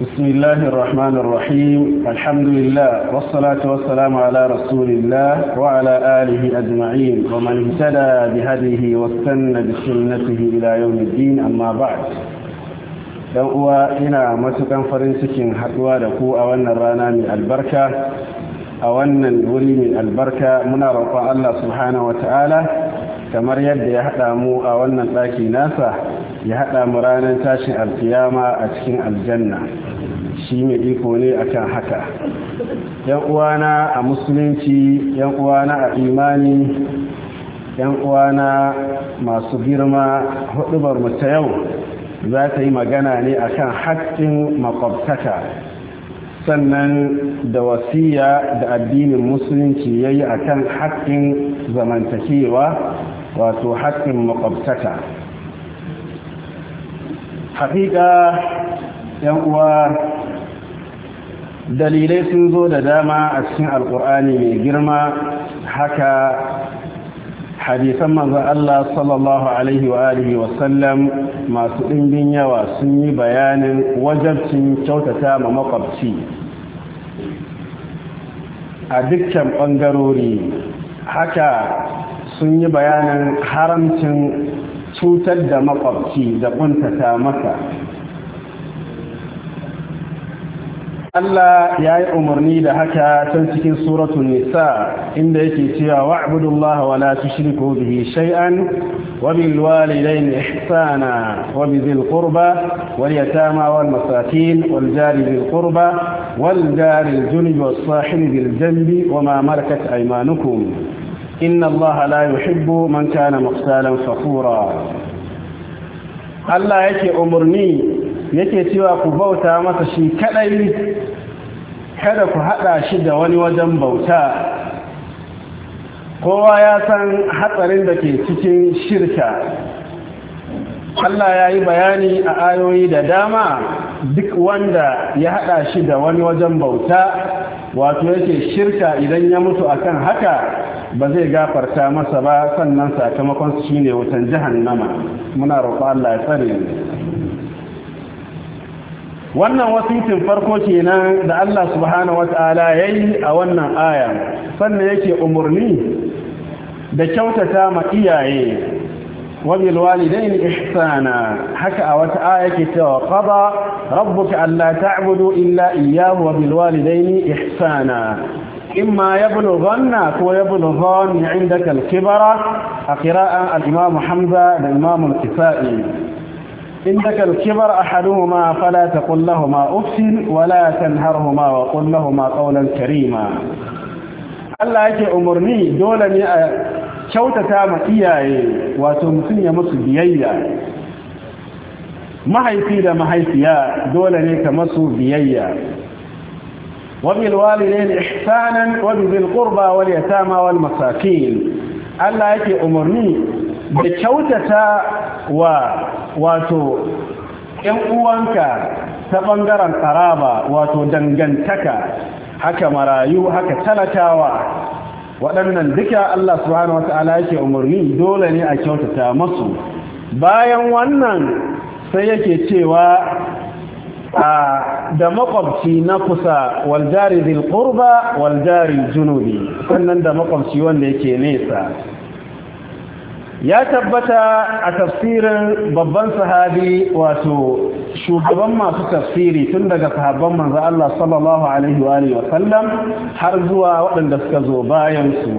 بسم الله الرحمن الرحيم الحمد لله والصلاة والسلام على رسول الله وعلى آله أجمعين ومن اهتدى بهديه واستنى بسنته إلى يوم الدين أما بعد dan uwa ina matukan farin cikin haɗuwa da ku a wannan rana mai albarka a wannan wuri mai albarka muna roƙon Allah subhanahu wata'ala kamar yadda ya haɗa mu a wannan ɗaki nasa ya haɗa mu ranar tashin alkiyama a cikin aljanna shi mai iko ne akan haka yan uwana a musulunci yan uwana a imani yan uwana masu girma hudubar mu ta yau za ta yi magana ne akan haƙƙin makwabtaka sannan da wasiya da addinin musulunci ya yi akan haƙƙin zamantakewa wato haƙƙin makwabtaka haƙiƙa yan uwa dalilai sun zo da dama a cikin alkur'ani mai girma haka hadisan manzon Allah sallallahu alaihi wa alihi wa sallam masu ɗimbin yawa sun yi bayanin wajabcin kyautata ma makwabci a dukkan ɓangarori haka sun yi bayanin haramcin cutar da makwabci da ƙuntata masa Allah ya yi umarni da haka can cikin suratun nisa inda yake cewa wa'budullaha wa la tushriku bihi shay'an wa bil walidayni ihsana wa bi qurba wal yatama wal masakin wal jari dhil qurba wal jari al was sahibi bil janbi wa ma malakat aymanukum inna Allah la yuhibbu man kana muqtalan fakhura Allah yake umarni yake cewa ku bauta masa shi kadai kada ku hada shi da wani wajen bauta kowa ya san hatsarin da ke cikin shirka Allah ya yi bayani a ayoyi da dama duk wanda ya hada shi da wani wajen bauta wato yake shirka idan ya mutu akan haka ba zai gafarta masa ba sannan sakamakon shine ne wutan jahannama muna roƙon Allah ya tsare mu wannan wasitin farko kenan da Allah subhanahu wata'ala yayi a wannan aya sannan yake umarni da kyautata ma iyaye wa bil ihsana haka a wata aya ke cewa qada rabbuka alla ta'budu illa iyyahu wa bil ya ihsana إما a ويبلغن عندك الكبرى قراءة da حمزة الإمام الكفائي إن ذكر الكبر أحدهما فلا تقل لهما أفس ولا تنهرهما وقل لهما قولا كريما Allah yake umarni dole ne a kyautata ma iyaye wato mutum ya musu biyayya mahaifi da mahaifiya dole ne ka masu biyayya wabil walidain ihsanan wa bil qurba wal yatama wal masakin Allah yake umarni da kyautata wa wato ‘yan uwanka ta ɓangaren ƙaraba wato dangantaka haka marayu haka talatawa waɗannan duka Allah subhanahu wata'ala yake umarni dole ne a kyautata masu bayan wannan sai yake cewa a da makwabci na kusa waljari zil ƙurba waljari junubi sannan da makwabci wanda yake nesa ya tabbata a tafsirin babban sahabi wato shugaban masu tafsiri tun daga sahabban manzo Allah sallallahu alaihi wa alihi wa sallam har zuwa waɗanda suka zo bayan su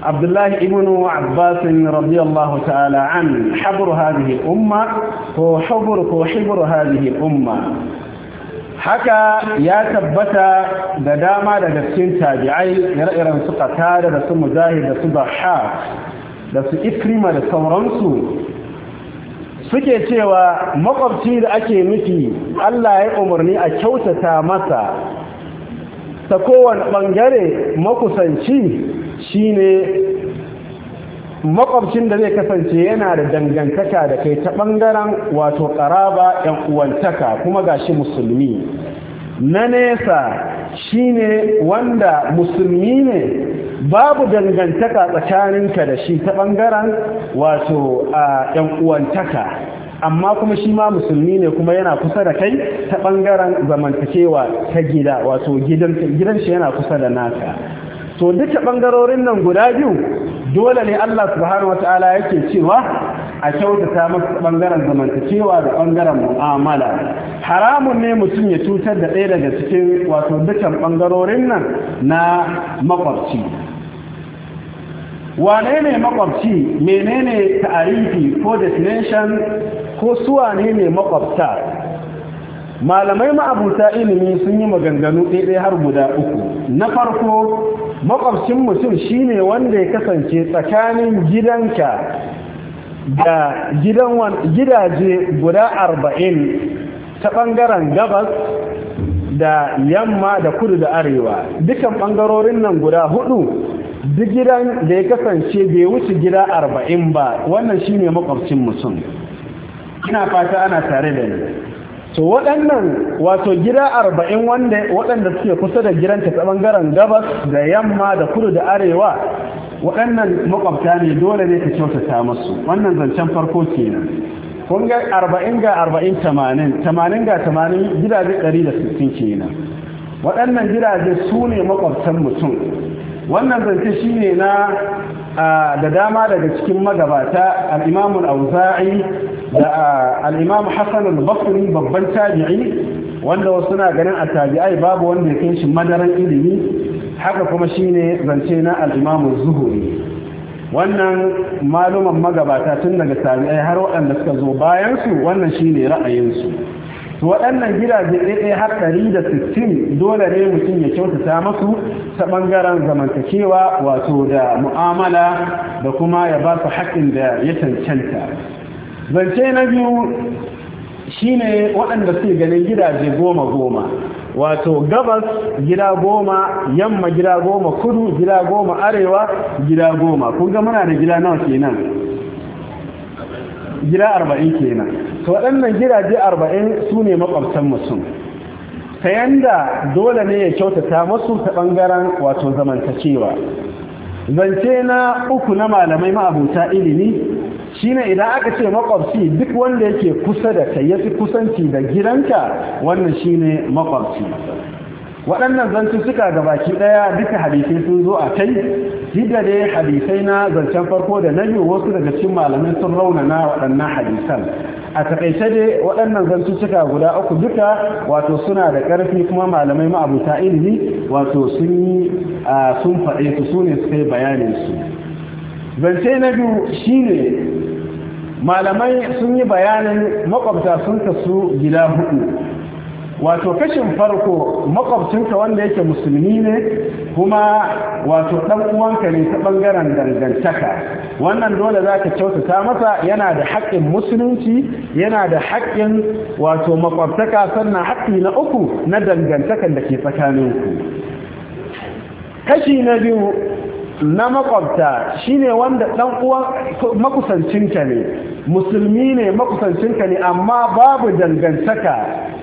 Abdullahi ibn Abbas radiyallahu ta'ala an habru hadhihi umma ko habru ko hibru hadhihi umma haka ya tabbata da dama daga cikin tabi'ai ire-iren su qatada da su mujahid da su dhahhak da su ikrima da sauransu suke cewa makwabci da ake nufi Allah ya umarni a kyautata masa ta kowane ɓangare makusanci shi ne. makwabcin da zai kasance yana da dangantaka da kai ta ɓangaren wato ƙaraba 'yan uwantaka kuma shi musulmi na nesa shine wanda musulmi ne babu dangantaka tsakaninka da shi ta bangaren wato a ɗan uwantaka amma kuma shi ma musulmi ne kuma yana kusa da kai ta bangaren zamantakewa ta gida wato gidan shi yana kusa da naka to duka bangarorin nan guda biyu dole ne Allah subhanahu wataala yake cewa a kyautata masa bangaren zamantakewa da ɓangaren mu'amala haramun ne mutum ya cutar da ɗaya daga cikin wato dukkan ɓangarorin nan na makwabci wane ne makwabci menene ta'arifi ko destination ko suwa ne ne makwabta malamai ma'abuta ilimi sun yi maganganu ɗaiɗai har guda uku na farko makwabcin mutum shine wanda ya kasance tsakanin gidanka da gidaje guda arba'in ta ɓangaren gabas da yamma da kudu da arewa dukan ɓangarorin nan guda hudu duk gidan da ya kasance bai wuce gida arba'in ba wannan shine makwabcin mutum ina fata ana tare da ni to waɗannan wato gida arba'in waɗanda suke kusa da gidanta ta ɓangaren gabas da yamma da kudu da arewa waɗannan makwabta ne dole ne ka kyautata masu. wannan zancen farko kenan kun ga 40 ga 40 80 tamanin ga 80 gidaje 160 kenan waɗannan gidaje su ne makwabtan mutum wannan zance shi ne na da dama daga cikin magabata al’imamun al-Auza'i da al-Imam Hassan al babban tabi'i wanda wasu na ganin a tabi'ai babu wanda ya kai shi madaran ilimi haka kuma shine zance na al zuhuri wannan maluman magabata tun daga tabi'ai har waɗanda suka zo bayansu su wannan shine ra'ayinsu to waɗannan gidaje ɗaiɗai har da sittin dole ne mutum ya kyautata masu ta ɓangaren zamantakewa wato da mu'amala da kuma ya ba su haƙƙin da ya cancanta zance na biyu shine waɗanda suke ganin gidaje goma goma wato gabas gida goma yamma gida goma kudu gida goma arewa gida goma kun ga muna da gida nawa kenan gida arba'in kenan to waɗannan gidaje arba'in su ne makwabtan mutum ta yanda dole ne ya kyautata masu ta ɓangaren wato zamantakewa zance na uku na malamai ma'abuta ilimi shine idan aka ce makwabci duk wanda yake kusa da kai yafi kusanci da gidanka wannan shine makwabci waɗannan zanci suka ga baki ɗaya duka hadisai sun zo a kai jidda dai hadisai na zancen farko da na biyu wasu daga cikin malamai sun raunana waɗannan hadisan a taƙaice dai waɗannan suka guda uku duka wato suna da ƙarfi kuma malamai ma'abuta ilimi wato sun yi sun faɗe su su ne suka yi bayanin su zance na biyu shi ne malamai sun yi bayanin makwabta sun su gida hudu wato kashin farko makwabcinka wanda yake musulmi ne kuma wato dan uwanka ne ta ɓangaren dangantaka wannan dole zaka kyautata masa yana da haƙƙin musulunci yana da haƙƙin wato makwabtaka sannan haƙƙi na uku na dangantakan da ke tsakaninku kashi na biyu na makwabta shine wanda dan uwan makusancinka ne musulmi ne makusancinka ne amma babu dangantaka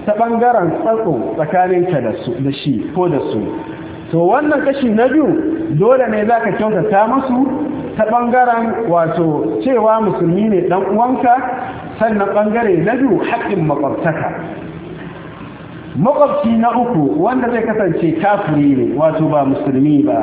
ta bangaren tsatso tsakaninka da shi ko da su to wannan kashi na biyu dole ne zaka kyautata musu ta bangaren wato cewa musulmi ne dan uwanka sannan bangare na biyu haƙƙin makwabtaka makwabci na uku wanda zai kasance kafiri ne wato ba musulmi ba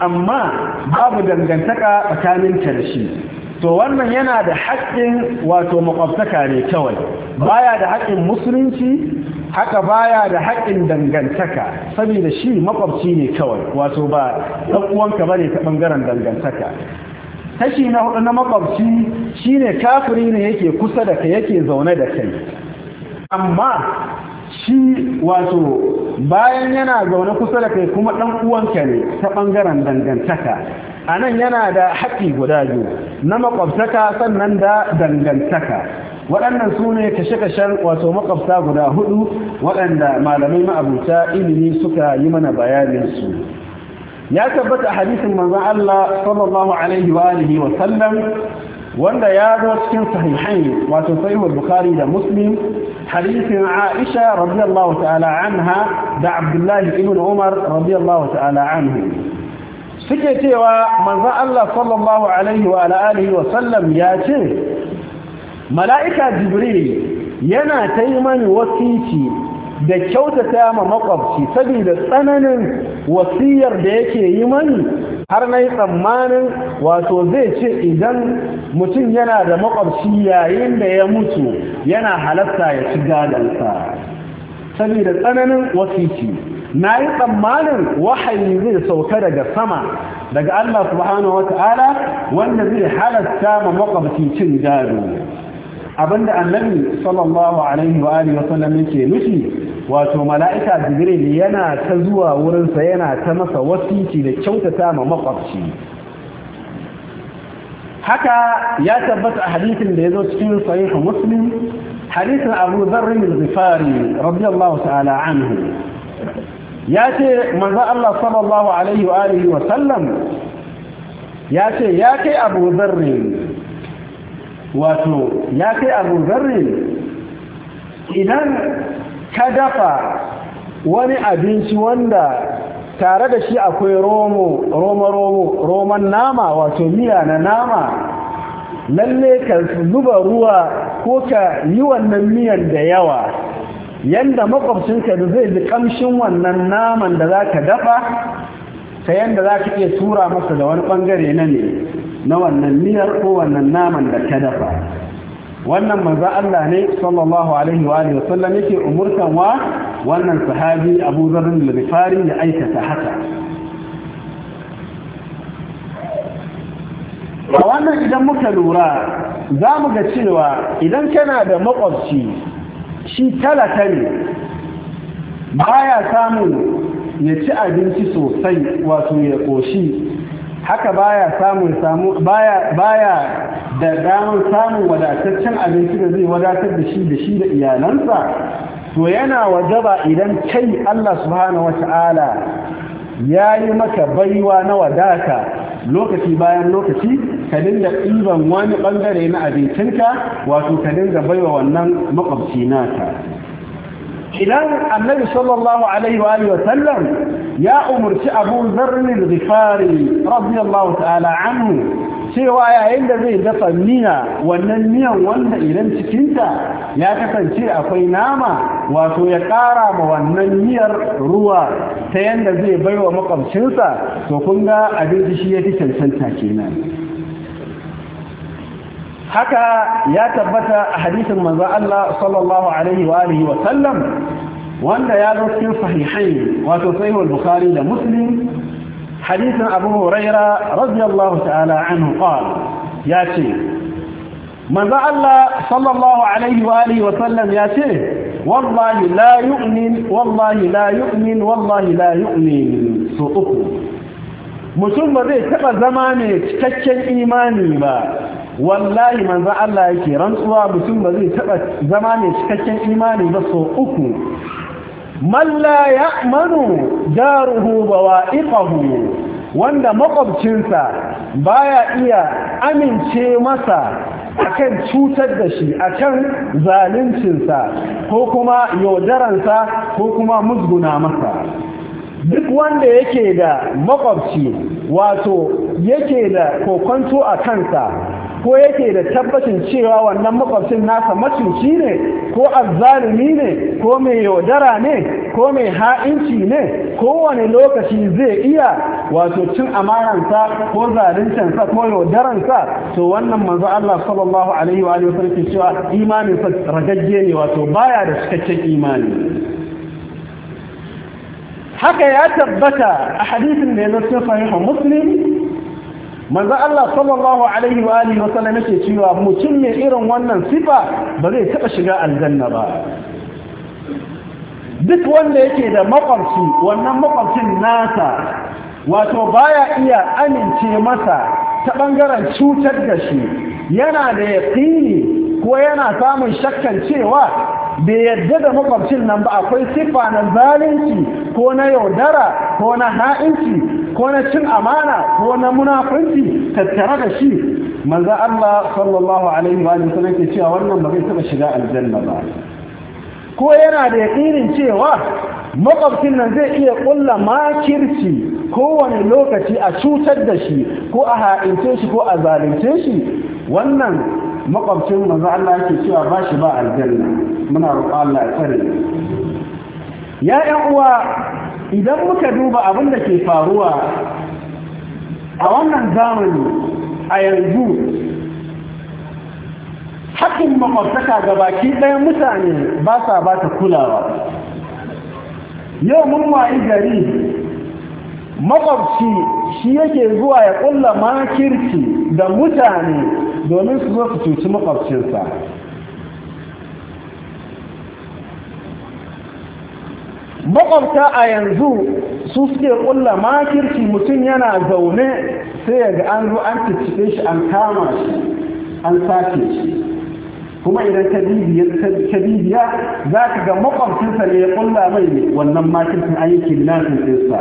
amma babu dangantaka tsakaninta da shi to wannan yana da haƙƙin wato makwabtaka ne kawai baya da haƙƙin musulunci haka baya da haƙƙin dangantaka saboda shi makwabci ne kawai wato ba ɗan uwanka bane ta ɓangaren dangantaka tashi na hudu na makwabci shine kafiri ne yake kusa da kai yake zaune da kai amma shi wato bayan yana zaune kusa da kai kuma ɗan uwanka ne ta ɓangaren dangantaka a nan yana da haƙƙi guda biyu na makwabtaka sannan da dangantaka waɗannan su ne kashe-kashen wato makwabta guda hudu waɗanda malamai ma'abuta ilimi suka yi mana bayaninsu ya tabbata hadisin manzon Allah sallallahu alaihi wa alihi wa sallam wanda ya zo cikin sahihain wato sahihul bukhari da muslim hadisin aisha radiyallahu ta'ala anha da abdullahi ibn umar radiyallahu ta'ala anhu suke cewa manzon Allah sallallahu alaihi wa alihi wa sallam ya ce mala'ika jibril yana ta yi da kyautata ma makwabci saboda tsananin wasiyar da yake yi mani har na yi tsammanin wato zai ce idan mutum yana da makwabci yayin da ya mutu yana halatta ya ci gadansa saboda tsananin wasici na yi tsammanin wahayi zai sauka daga sama daga Allah subhanahu wa ta'ala wanda zai halatta ma makwabci cin gado abinda annabi sallallahu alaihi wa alihi wa sallam yake nufi wato mala'ika jibril yana ta zuwa wurinsa yana ta masa wasiki da kyautata ma makwabci haka ya tabbata a hadithin da ya zo cikin sahih muslim hadithin abu zarrin al-zifari radiyallahu ta'ala anhu ya ce manzo Allah sallallahu alaihi wa alihi wa sallam ya ce ya kai abu zarrin wato ya kai abu zarrin idan ka dafa wani abinci wanda tare da shi akwai romo roma romo roman nama wato miya na nama lalle ka zuba ruwa ko ka yi wannan miyan da yawa yanda makwabcinka da zai ji kamshin wannan naman da za ka dafa ta yanda za ka iya tura masa da wani bangare na ne na wannan miyar ko wannan naman da ka dafa wannan manzo Allah ne sallallahu alaihi wa alihi wasallam yake umurtan wa wannan sahabi Abu Dharr al-Ghifari ya aikata haka a wannan idan muka lura zamu ga cewa idan kana da makwabci shi talaka ne baya samun ya ci abinci sosai wato ya koshi haka baya samun samu baya baya da damar samun wadataccen abinci da zai wadatar da shi da shi da iyalansa to yana wajaba idan kai Allah subhanahu wata'ala ya yi maka baiwa na wadata lokaci bayan lokaci ka dinga ɗiban wani ɓangare na abincinka wato ka dinga baiwa wannan makwabci naka idan annabi sallallahu alaihi wa alihi ya umurci abu zarrin rifari radiyallahu ta'ala anhu cewa yayin da zai dafa miya wannan miyan wanda idan cikinta ya kasance akwai nama wato ya ƙara ma wannan miyar ruwa ta yanda zai baiwa makwabcinsa to kun ga abin shi ya fi cancanta kenan haka ya tabbata a hadisin manzo Allah sallallahu alaihi wa alihi wa sallam wanda ya zo cikin sahihain wato sahihul bukhari da muslim hadisin abu huraira radiyallahu ta'ala anhu qala ya ce manzo Allah sallallahu alaihi wa alihi wa sallam ya ce wallahi la yu'min wallahi la yu'min wallahi la yu'min su uku mutum ba zai taba zama ne cikakken imani ba wallahi manzan Allah yake rantsuwa mutum ba zai taɓa zama mai cikakken imani ba sau uku malla ya manu daruhu wa iqahu wanda makwabcinsa baya iya amince masa akan cutar da shi akan zaluncinsa ko kuma yaudaransa ko kuma musguna masa duk wanda yake da makwabci wato yake da kokonto a kansa ko yake da tabbacin cewa wannan makwabcin nasa macuci ne ko azzalumi ne ko mai yaudara ne ko mai ha'inci ne kowane lokaci zai iya wato cin amanansa ko zaluncinsa ko yaudaransa to wannan manzo Allah sallallahu alaihi wa alihi wasallam cewa imanin sa ragagge ne wato baya da cikakken imani haka ya tabbata a hadisin da ya zo cikin sahihu muslim manzo Allah sallallahu alaihi wa alihi wasallam yake cewa mutum mai irin wannan sifa ba zai taba shiga aljanna ba duk wanda yake da makwabci wannan makwabcin nasa wato baya iya amince masa ta bangaren cutar da shi yana da yaqini ko yana samun shakkan cewa bai yadda da makwabcin nan ba akwai siffa na zalunci ko na yaudara ko na ha'inci ko na cin amana ko na munafunci tattare da shi manzo Allah sallallahu alaihi wa sallam ke cewa wannan ba zai taba shiga aljanna ba ko yana da yaƙinin cewa makwabcin nan zai iya ƙulla makirci kowane lokaci a cutar da shi ko a ha'ince shi ko a zalunce shi wannan makwabcin maza Allah yake cewa ba shi ba aljanna muna roƙon Allah ya tsare ya ɗan uwa idan muka duba abin da ke faruwa a wannan zamani a yanzu hakkin makwabtaka ga baki ɗaya mutane ba sa ba ta kulawa yau mun wayi gari makwabci shi yake zuwa ya kulla makirci da mutane domin su zo su cuci makwabcinsa makwabta a yanzu su suke kulla makirci mutum yana zaune sai ya ga an zo an cikin shi an kama shi an sake shi kuma idan ka bibiya za ka ga makwabcinsa ne ya kulla mai wannan makircin ayyukin nasin ɗinsa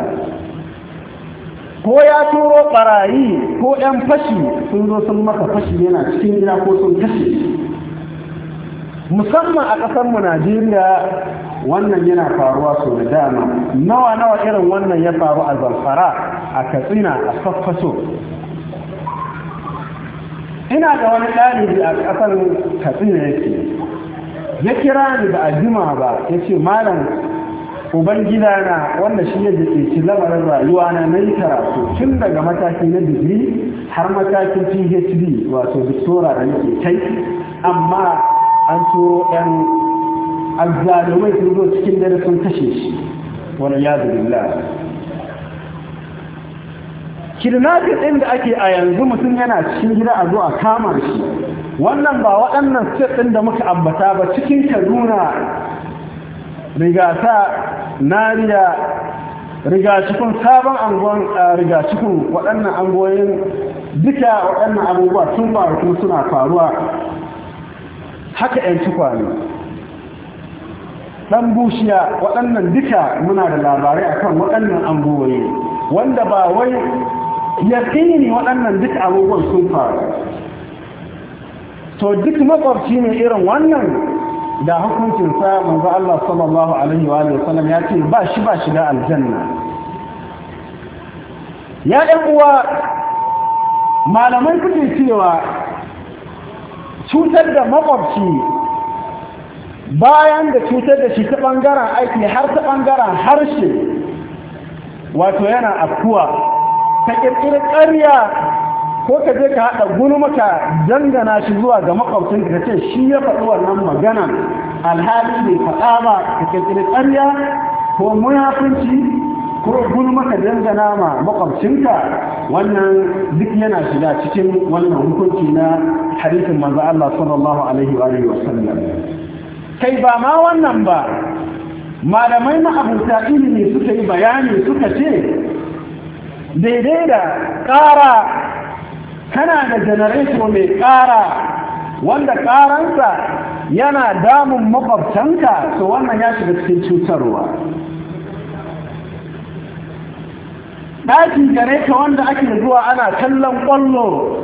ko ya turo barayi ko ɗan fashi sun zo sun maka fashi yana cikin gida ko sun kashe musamman a ƙasarmu najeriya wannan yana faruwa sau da dama nawa nawa irin wannan ya faru a zamfara a katsina a faffaso ina da wani ɗalibi a ƙasar katsina yake ya kira ni ba a jima ba ya ce malam ubangida na wanda shi ya da lamarin rayuwa na na yi karatu tun daga mataki na digiri har matakin phd wato doctora da nake kai amma an turo yan azzalumai sun zo cikin dare sun kashe shi wani ya kidnapping ɗin da ake a yanzu mutum yana cikin gida a zo a kama shi wannan ba waɗannan state ɗin da muka ambata ba cikin kaduna rigata nariya rigacikun sabon angon rigacikun waɗannan angoyin duka waɗannan abubuwa sun faru kuma suna faruwa haka ‘yan ne. ɗan bushiya waɗannan duka muna da labarai akan waɗannan angoyi wanda ba wai ne waɗannan duka abubuwan sun faru to duk makwabci ne irin wannan da hukuncin hukuncinsa manzo Allah sallallahu alaihi wa sallam ya ce ba shi ba shiga aljanna ya ɗan uwa malamai kuke cewa cutar da makwabci bayan da cutar da shi ta ɓangaren aiki har ta ɓangaren harshe wato yana afkuwa ta ƙirƙirar ƙarya ko ka je ka haɗa gulma ka dangana shi zuwa ga makwabcin ka ce shi ya faɗi wannan magana alhali bai faɗa ba ka kirkiri ƙarya ko munafunci ko gulma ka dangana ma ka wannan duk yana shiga cikin wannan hukunci na hadisin manzo Allah sallallahu alaihi wa alihi wasallam kai ba ma wannan ba malamai na abuta ilimi suka yi bayani suka ce daidai da ƙara kana da janareto mai ƙara wanda ƙaransa yana damun makwabtanka to wannan ya shiga cikin cutarwa ɗakin gare ka wanda ake zuwa ana tallan ƙwallo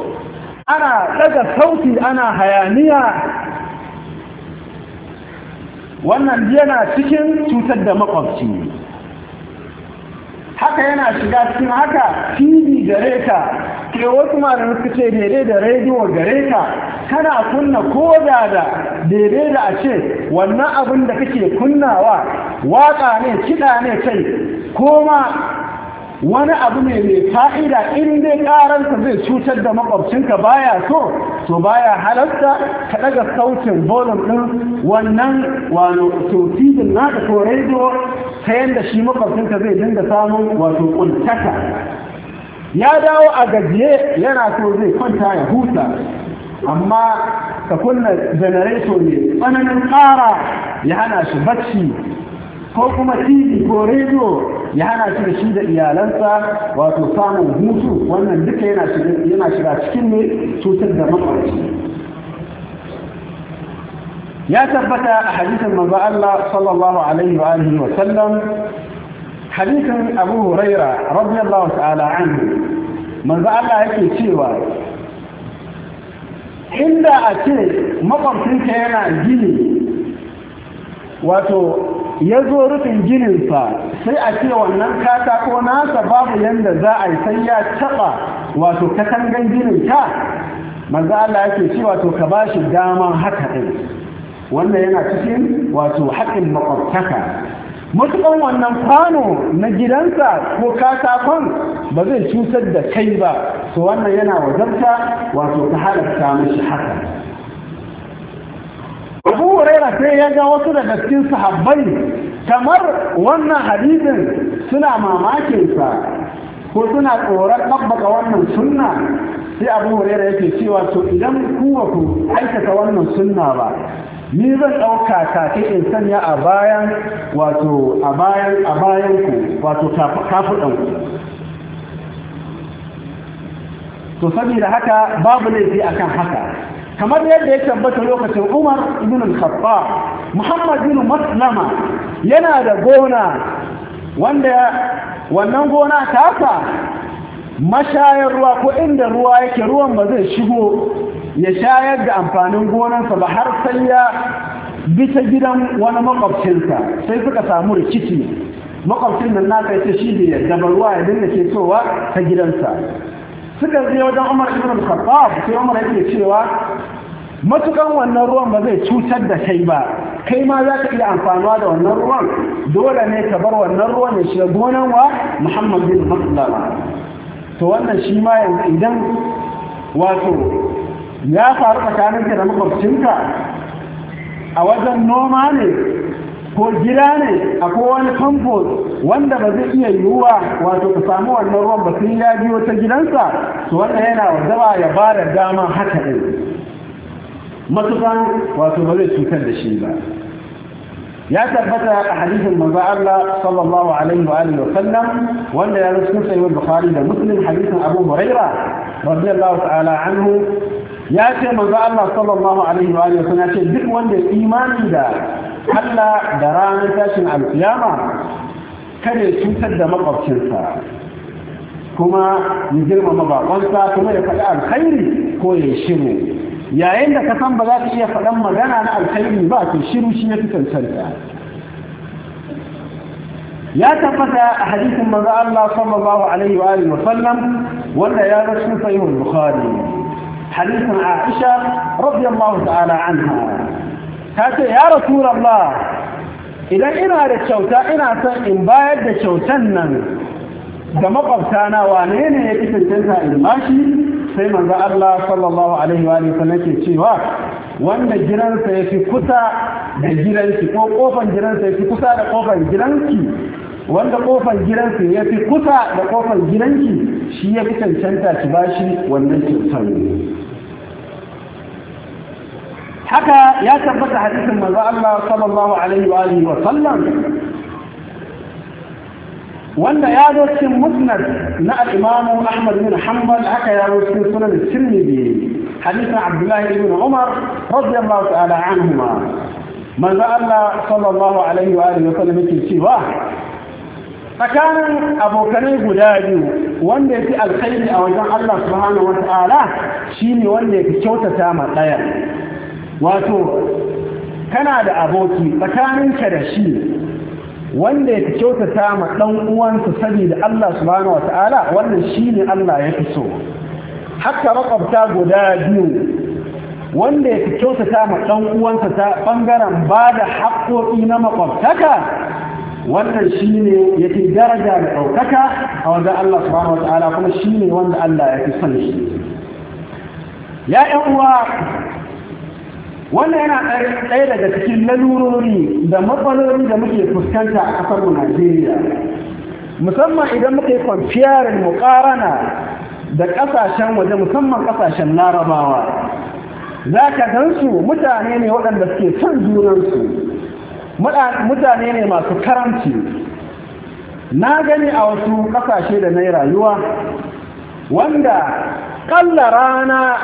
ana ɗaga sauti ana hayaniya wannan yana cikin cutar da makwabci haka yana shiga cikin haka tv gare ka sai wasu malamai suka ce daidai da rediyo gare ka kana kunna ko da da daidai da a ce wannan abin da kake kunnawa waka ne kiɗa ne kai koma wani abu ne mai fa'ida in dai ƙararsa zai cutar da makwabcinka baya so to baya halarta ka ɗaga sautin volume ɗin wannan wano sotidin naka ko rediyo ta yanda shi makwabcinka zai dinga samun wato ƙuntaka ya dawo a gajiye yana so zai kwanta ya huta amma ka kunna janareto ne tsananin ƙara ya hana shi bacci ko kuma tv ko rediyo ya hana shi da shi da iyalansa wato samun hutu wannan duka yana shiga cikin ne cutar da makwarci ya tabbata a hadisin manzo Allah sallallahu alaihi wa alihi wa sallam hadisin abu huraira radiyallahu ta'ala anhu manzo Allah yake cewa inda a ce ka yana gini wato ya zo rufin gininsa sai a ce wannan katako nasa babu yadda za a yi sai ya taɓa wato katangan ginin ta manzo Allah yake cewa to ka bashi shi daman haka din wannan yana cikin wato haƙin makwabtaka matukan wannan kwano na gidansa ko katakon ba zai cutar da kai ba to wannan yana wajabta wato ta halarta mashi haka abu huraira sai ya ga wasu daga cikin sahabbai kamar wannan hadisin suna mamakinsa ko suna tsoron ɗabbaka wannan sunna sai abu huraira yake cewa to idan ku ku aikata wannan sunna ba ni zan ɗauka kake in sanya a bayan wato a bayan a bayan ku wato kafuɗan ku to saboda haka babu laifi akan haka kamar yadda ya tabbata lokacin Umar ibn al-Khattab Muhammad bin Maslama yana da gona wanda wannan gona tasa mashayar ruwa ko inda ruwa yake ruwan ba zai shigo ya shayar da amfanin gonansa ba har sai ya ta gidan wani makwabcinsa sai suka samu rikici makwabcin nan kai yace shi ne yarda ba ruwa ya dinga ke ta gidansa suka je wajen Umar ibn al-Khattab sai Umar yake cewa matukan wannan ruwan ba zai cutar da kai ba kai ma za ka iya amfanuwa da wannan ruwan dole ne ka bar wannan ruwan ya shiga gonan wa Muhammad bin to wannan shi ma yanzu idan wato ya faru ka da makwabcinka a wajen noma ne ko gida ne a wani famfo wanda ba zai iya yiwuwa wato ka samu wannan ruwan ba sun ya biyo ta gidansa to wannan yana wazaba ya ba da dama haka ɗin matukan wato ba zai cutar da shi ba ya tabbata a hadisin manzo Allah sallallahu alaihi wa alihi wasallam wanda ya rusu sai Bukhari da Muslim hadisin Abu Huraira radiyallahu ta'ala anhu ya ce manzo Allah sallallahu alaihi wa alihi wasallam ya ce duk wanda ya imani da Allah da ranar tashin alkiyama kare cutar da makwabcinsa kuma ya girmama bakonsa kuma ya faɗi alkhairi ko ya shiru yayin da ka san ba za ka iya faɗan magana na alkhairi ba to shiru shi ya fi cancanta ya tabbata a hadisin manzo Allah sallallahu alaihi wa alihi wasallam wanda ya rasu sahihul bukhari hadisin Aisha radiyallahu ta'ala anha ta ce ya Allah, idan ina da kyauta ina son in bayar da kyautan nan ga makwabtana wane ne ya fi cancanta in bashi sai manzo Allah sallallahu alaihi wa sallam ke cewa wanda jiransa yafi kusa da gidanki ko kofan jiransa yafi kusa da kofan gidanki wanda kofan jiransa yafi kusa da kofan gidanki shi ya fi cancanta ki bashi wannan kyautar haka ya tabbata hadisin manzo Allah sallallahu alaihi wa sallam wanda ya zo cikin musnad na al-imamu ahmad bin hanbal haka ya zo cikin sunan tirmidhi hadisin abdullahi ibn umar radiyallahu ta'ala anhuma manzo Allah sallallahu alaihi wa alihi wa sallam yake cewa tsakanin abokanai guda biyu wanda ya fi alkhairi a wajen Allah subhanahu wata'ala shi ne wanda ya fi kyautata ma ɗaya wato kana da aboki tsakaninka da shi wanda ya kyautata ma dan uwansa saboda Allah subhanahu wataala wannan shine Allah ya fi so haka makwabta guda biyu wanda ya kyautata ma dan uwansa ta bangaren ba da haƙƙoƙi na makwabtaka wannan shine yake daraja da ɗaukaka a wajen Allah subhanahu wataala kuma shine wanda Allah ya fi son shi ya ƴan uwa wannan yana ɗaya daga cikin lalurori da matsaloli da muke fuskanta a ƙasar Najeriya musamman idan muka yi kwamfiyarin muƙarana da ƙasashen waje musamman ƙasashen larabawa za ka gansu mutane ne waɗanda suke son junansu mutane ne masu karanci na gani a wasu ƙasashe da na rayuwa wanda ƙalla rana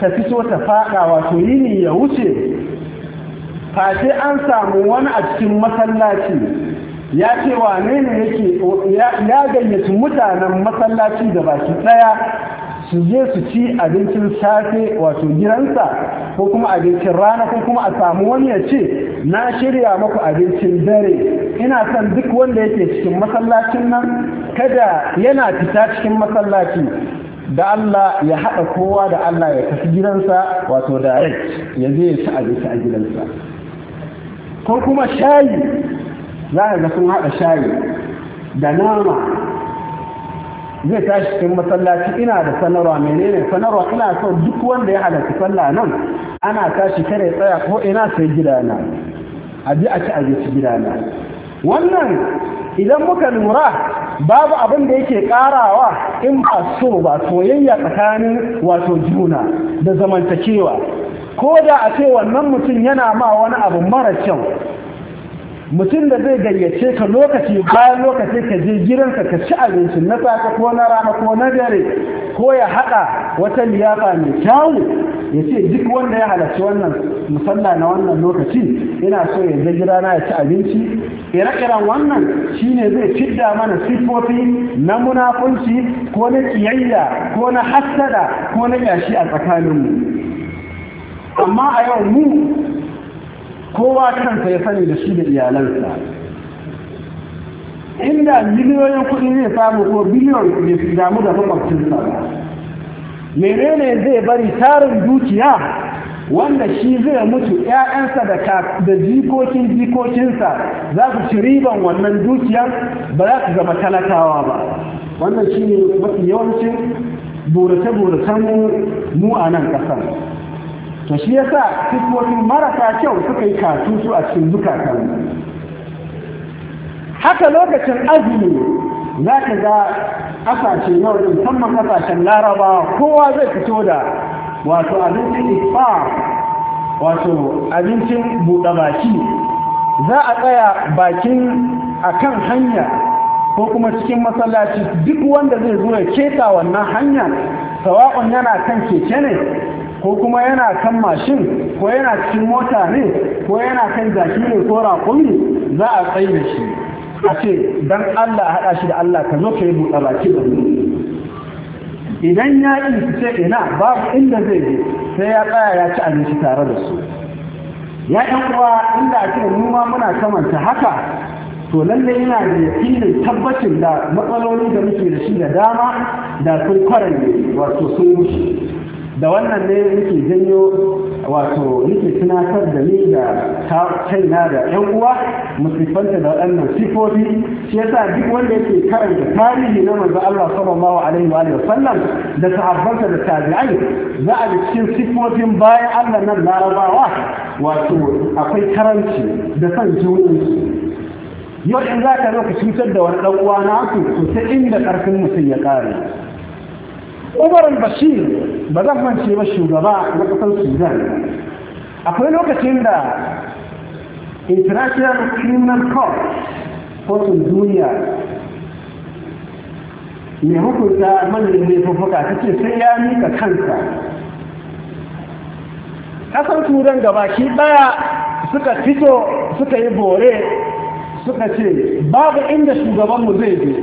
ta so ta faɗa wato yini ya wuce fashe an samu wani a cikin masallaci ya ce Wa ne yake ya gayyaci mutanen masallaci da baki ɗaya su je su ci abincin safe wato gidansa ko kuma abincin rana ko kuma a samu wani ya ce na shirya maku abincin dare ina son duk wanda yake cikin masallacin nan kada yana fita cikin masallaci da Allah ya haɗa kowa da Allah ya tafi gidansa wato direct ya je ya ci abinci a gidansa ko kuma shayi za ka ga sun haɗa shayi da nama zai tashi cikin masallaci ina da sanarwa menene sanarwa ina so duk wanda ya halarci sallah nan ana tashi kare tsaya ko ina sai gidana a ji a ci abinci gidana wannan idan muka lura babu abin da yake karawa in ba so ba soyayya tsakanin wato juna da zamantakewa ko da a ce wannan mutum yana ma wani abu mara kyau mutum da zai gayyace ka lokaci bayan lokaci ka je gidansa ka ci abinci na safe ko na rana ko na dare ko ya haɗa wata liyafa mai kyawu ya ce duk wanda ya halarci wannan musalla na wannan lokaci ina so ya je rana ya ci abinci ire-iren wannan shine zai cidda mana siffofi na munafunci ko na kiyayya ko na hassada ko na yashi a mu. amma a yau mu kowa kansa ya sani da shi da iyalansa inda miliyoyin kuɗi zai samu ko biliyon ne su damu da makwabcinsa ba menene zai bari tarin dukiya wanda shi zai mutu ‘ya'yansa da jikokin jikokinsa za su ci riban wannan dukiyar ba za su zama talakawa ba wannan shi ne mafi yawancin burace-buracenmu mu a nan ƙasar to shi yasa sifofin marasa kyau suka yi katutu a cikin zukatan haka lokacin azumi za ka ga ƙasashe yau da musamman ƙasashen laraba kowa zai fito da wato abincin isfa wato abincin buɗe baki za a tsaya bakin a kan hanya ko kuma cikin masallaci duk wanda zai zuwa keta wannan hanya sawa'un yana kan keke ne ko kuma yana kan mashin ko yana cikin mota ne ko yana kan jaki ne ko raƙumi za a tsaye shi a ce dan Allah haɗa shi da Allah ka zo ka yi buɗa baki da mu idan ya yi su ce ina babu inda zai yi sai ya tsaya ya ci abinci tare da su ya ɗan uwa inda a ce mu ma muna kamanta haka to lalle yana da yakinin tabbacin da matsaloli da muke da shi da dama da sun kwaranne wato sun wuce da wannan ne yake janyo wato yake tunatar da ni da kaina da yan uwa musifanta da waɗannan sifofi shi yasa duk wanda yake karanta tarihi na manzo Allah sallallahu alaihi wa alihi wasallam da sahabbansa da tabi'ai za a cikin sifofin bayan Allah nan larabawa wato akwai karanci da san junansu yau in za ka zo ku cutar da wani ɗan uwa ku, ku ta inda ƙarfin mutum ya ƙare umar al-bashir ba zan mance ba shugaba na kasar sudan akwai lokacin da international criminal court kotun duniya mai hukunta mai laifuka ta ce sai ya mika kansa kasar turan gabaki daya suka fito suka yi bore suka ce babu inda shugabanmu zai je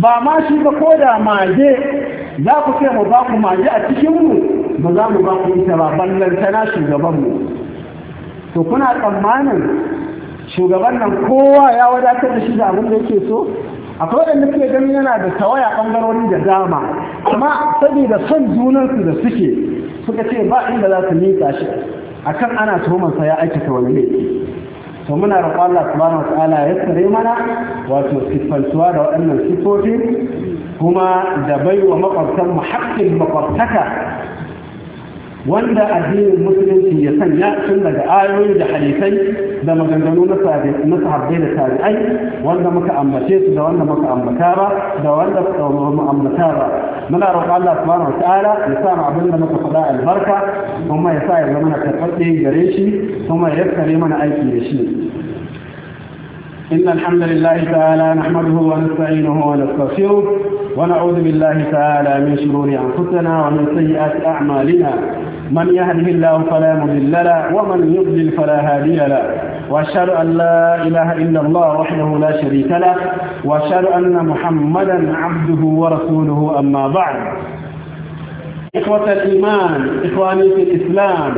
ba ma shi ba ko da mage. za ku ce mu ba ku maji a cikinmu ba za mu ba ku ita ba shugaban shugabanmu to kuna tsammanin shugaban nan kowa ya wadatar da shi da abin da yake so akwai da suke gani yana da tawaya ɓangarori da dama amma saboda son junansu da suke suka ce ba inda za su miƙa shi akan ana sa ya aikata wani laifi to muna roƙon Allah subhanahu wa ta'ala ya tsare mana wato sifantuwa da waɗannan sifofi kuma da baiwa makwabtan mu haƙƙin makwabtaka wanda addinin musulunci ya sanya tun daga ayoyi da hadisai da maganganu na sahabbai da tabi'ai wanda muka ambace su da wanda muka ambata ba da wanda mu ambata ba muna roƙon Allah subhanahu wa ya sa mu abin da muka faɗa albarka kuma ya sa ya zama na karɓaɗɗe gare shi kuma ya tsare mana aiki da shi إن الحمد لله تعالى نحمده ونستعينه ونستغفره ونعوذ بالله تعالى من شرور أنفسنا ومن سيئات أعمالنا من يهده الله فلا مضل له ومن يضلل فلا هادي له وأشهد أن لا إله إلا الله وحده لا شريك له وأشهد أن محمدا عبده ورسوله أما بعد إخوة الإيمان إخواني في الإسلام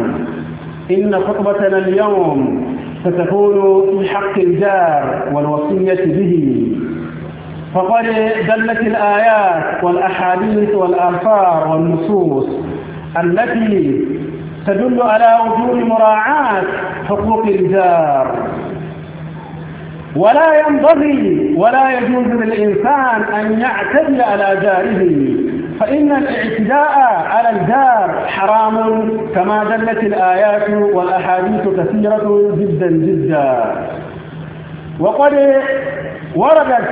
إن خطبتنا اليوم ستكون في حق الجار والوصية به فقد دلت الآيات والأحاديث والآثار والنصوص التي تدل على وجوب مراعاة حقوق الجار ولا ينبغي ولا يجوز للإنسان أن يعتدي على جاره فإن الاعتداء على الجار حرام كما دلت الآيات والأحاديث كثيرة جدا جدا وقد وردت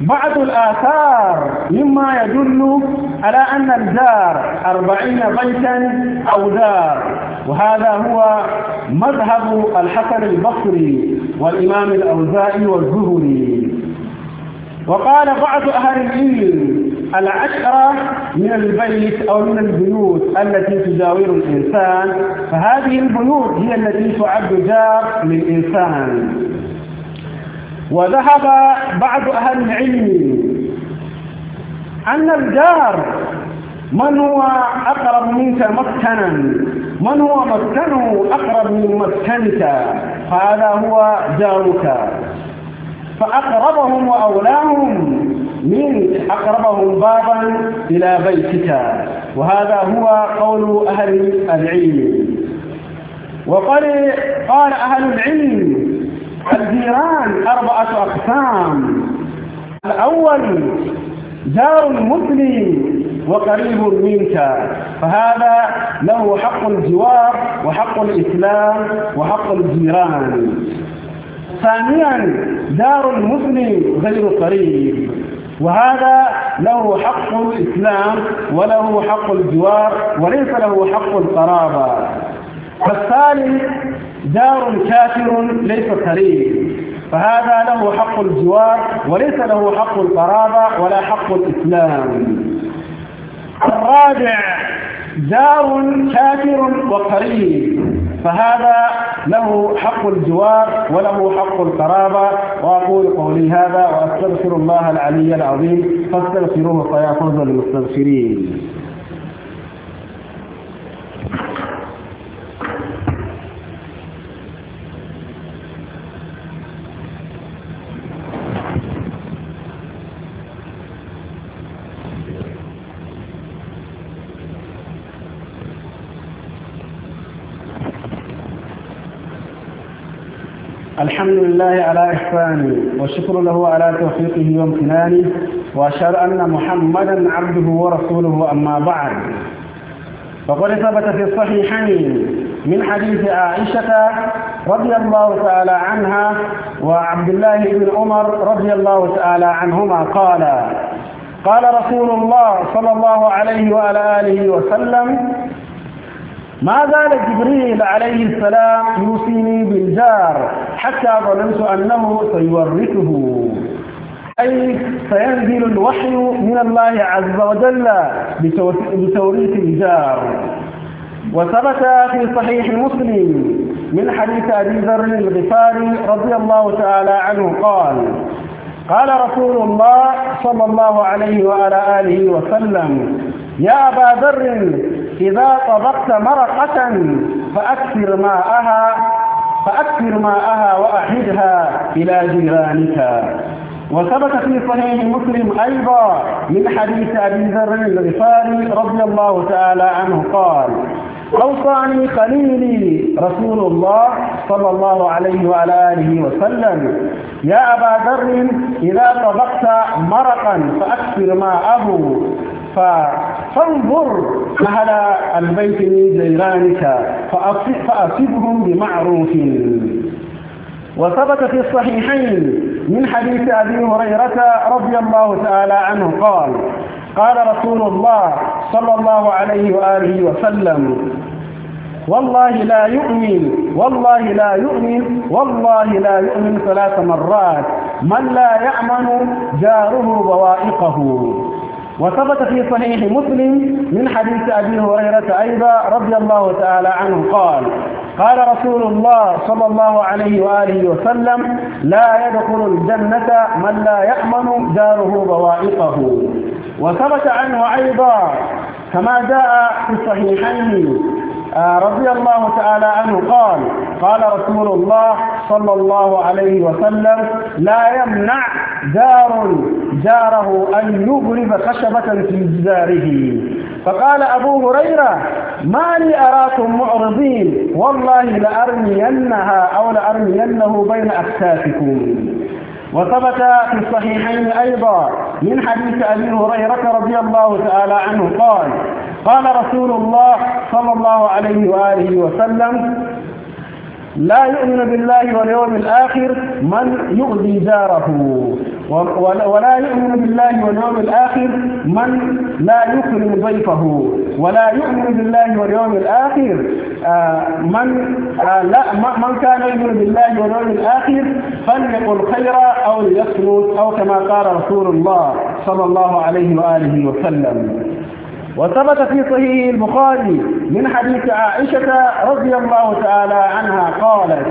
بعض الآثار مما يدل على أن الدار أربعين بيتا أو دار وهذا هو مذهب الحسن البصري والإمام الأوزاعي والزهري وقال بعض أهل العلم العشرة من البيت أو من البيوت التي تجاور الإنسان فهذه البيوت هي التي تعد جار للإنسان وذهب بعض أهل العلم أن الجار من هو أقرب منك مسكنا من هو مسكنه أقرب من مسكنك هذا هو جارك فأقربهم وأولاهم من أقربهم بابا إلى بيتك وهذا هو قول أهل العلم وقال قال أهل العلم الجيران أربعة أقسام الأول جار مسلم وقريب منك فهذا له حق الجوار وحق الإسلام وحق الجيران ثانيا دار المسلم غير قريب وهذا له حق الإسلام وله حق الجوار وليس له حق القرابة فالثالث جار كافر ليس قريب فهذا له حق الجوار وليس له حق القرابة ولا حق الإسلام الرابع جار كافر وقريب فهذا له حق الجوار وله حق القرابة وأقول قولي هذا وأستغفر الله العلي العظيم فاستغفروه فيا فوز المستغفرين الحمد لله على إحسانه وشكر له على توفيقه وامتنانه وأشهد أن محمدا عبده ورسوله أما بعد فقد ثبت في الصحيحين من حديث عائشة رضي الله تعالى عنها وعبد الله بن عمر رضي الله تعالى عنهما قال قال رسول الله صلى الله عليه وعلى آله وسلم ما زال جبريل عليه السلام يوصيني بالجار حتى ظننت أنه سيورثه أي سينزل الوحي من الله عز وجل بتوريث الجار وثبت في صحيح مسلم من حديث أبي ذر الغفاري رضي الله تعالى عنه قال قال رسول الله صلى الله عليه وعلى آله وسلم يا أبا ذر إذا طبقت مرقة فأكثر ماءها فأكثر ماءها وأحدها إلى جيرانك وثبت في صحيح مسلم أيضا من حديث أبي ذر الغفاري رضي الله تعالى عنه قال أوصاني خليلي رسول الله صلى الله عليه وعلى آله وسلم يا أبا ذر إذا طبقت مرقا فأكثر ماءه فانظر أهل البيت من جيرانك فأصبهم بمعروف وثبت في الصحيحين من حديث أبي هريرة رضي الله تعالى عنه قال قال رسول الله صلى الله عليه وآله وسلم والله لا يؤمن والله لا يؤمن والله لا يؤمن ثلاث مرات من لا يأمن جاره بوائقه وثبت في صحيح مسلم من حديث أبي هريرة أيضا رضي الله تعالى عنه قال قال رسول الله صلى الله عليه وآله وسلم لا يدخل الجنة من لا يأمن داره ضوائقه وثبت عنه أيضا كما جاء في الصحيحين آه، رضي الله تعالى عنه قال قال رسول الله صلى الله عليه وسلم لا يمنع جار جاره أن يغرب خشبة في جداره فقال أبو هريرة ما لي أراكم معرضين والله لأرمينها أو لأرمينه بين أكتافكم وثبت في الصحيحين أيضا من حديث أبي هريرة رضي الله تعالى عنه قال قال رسول الله صلى الله عليه وآله وسلم لا يؤمن بالله واليوم الآخر من يؤذي جاره ولا يؤمن بالله واليوم الآخر من لا يكرم ضيفه ولا يؤمن بالله واليوم الآخر آه، من آه، لا من كان يؤمن بالله واليوم الآخر فليقل خيرا أو ليصمت أو كما قال رسول الله صلى الله عليه وآله وسلم وثبت في صحيح البخاري من حديث عائشة رضي الله تعالى عنها قالت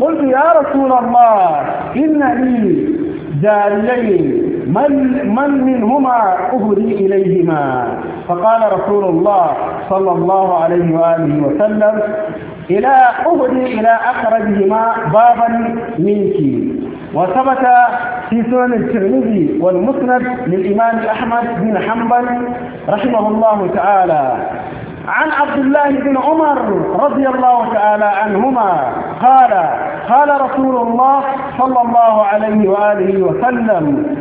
قلت يا رسول الله إن لي دارين من, من منهما أهدي إليهما فقال رسول الله صلى الله عليه وآله وسلم إلى أهدي إلى أخرجهما بابا منك وثبت في سنن الترمذي والمسند للإمام أحمد بن حنبل رحمه الله تعالى عن عبد الله بن عمر رضي الله تعالى عنهما قال قال رسول الله صلى الله عليه وآله وسلم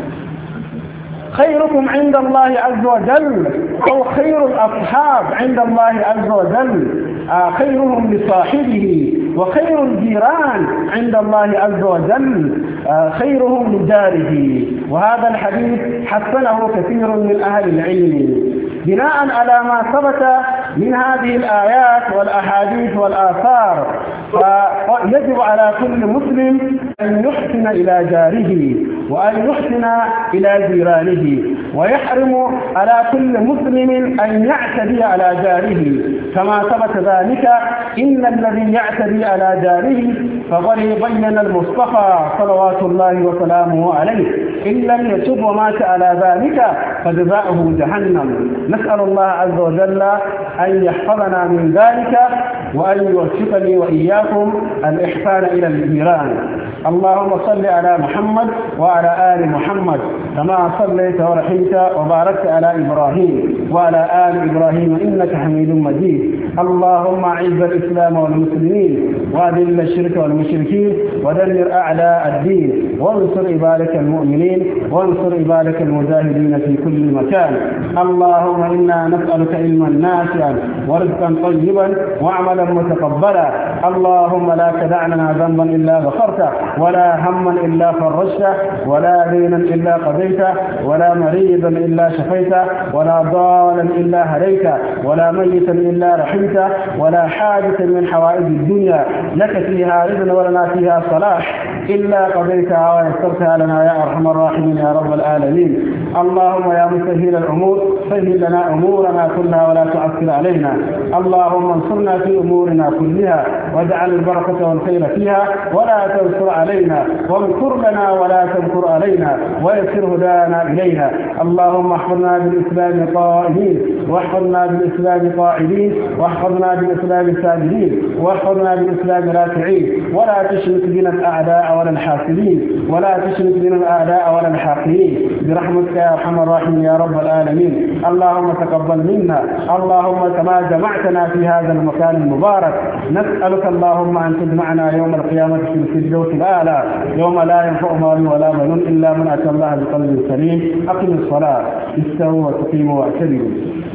خيركم عند الله عز وجل أو خير الأصحاب عند الله عز وجل آه، خيرهم لصاحبه وخير الجيران عند الله عز وجل آه، خيرهم لجاره وهذا الحديث حسنه كثير من أهل العلم بناء على ما ثبت من هذه الآيات والأحاديث والآثار فيجب على كل مسلم أن يحسن إلى جاره وأن يحسن إلى جيرانه ويحرم على كل مسلم أن يعتدي على جاره كما ثبت ذلك إن الذي يعتدي على جاره فظل بين المصطفى صلوات الله وسلامه عليه إن لم يتب ومات على ذلك فجزاؤه جهنم نسأل الله عز وجل أن يحفظنا من ذلك وأن يوفقني وإياكم الإحسان إلى الجيران اللهم صل على محمد وعلى آل محمد كما صليت ورحمت عليت وباركت على إبراهيم وعلى آل إبراهيم إنك حميد مجيد اللهم أعز الإسلام والمسلمين وأذل الشرك والمشركين ودمر أعلى الدين وانصر عبادك المؤمنين وانصر عبادك المجاهدين في كل مكان اللهم إنا نسألك علما نافعا ورزقا طيبا وعملا متقبلا اللهم لا تدع لنا ذنبا إلا غفرته ولا هما إلا فرجته ولا دينا إلا قضيته ولا مريضا سيدا إلا شفيته ولا ضالا إلا هديته ولا ميتا إلا رحمته ولا حادثا من حوائج الدنيا لك فيها رضا ولنا فيها صلاح إلا قضيتها ويسرتها لنا يا أرحم الراحمين يا رب العالمين اللهم يا مسهل الأمور سهل لنا أمورنا كلها ولا تعسر علينا اللهم انصرنا في أمورنا كلها واجعل البركة والخير فيها ولا تنصر علينا وانصر لنا ولا تنصر علينا ويسر هدانا إلينا اللهم احفظنا بالإسلام طاهرين واحفظنا بالإسلام قاعدين واحفظنا بالإسلام ساجدين واحفظنا بالإسلام راكعين ولا تشرك بنا الأعداء ولا الحاسدين ولا تشرك بنا الأعداء ولا الحاقدين برحمتك يا أرحم الراحمين يا رب العالمين اللهم تقبل منا اللهم كما جمعتنا في هذا المكان المبارك نسألك اللهم أن تجمعنا يوم القيامة في الفردوس الأعلى يوم لا ينفع مال ولا بنون إلا من أتى الله بقلب سليم أقم الصلاه الصلاة استووا وتقيموا واعتدلوا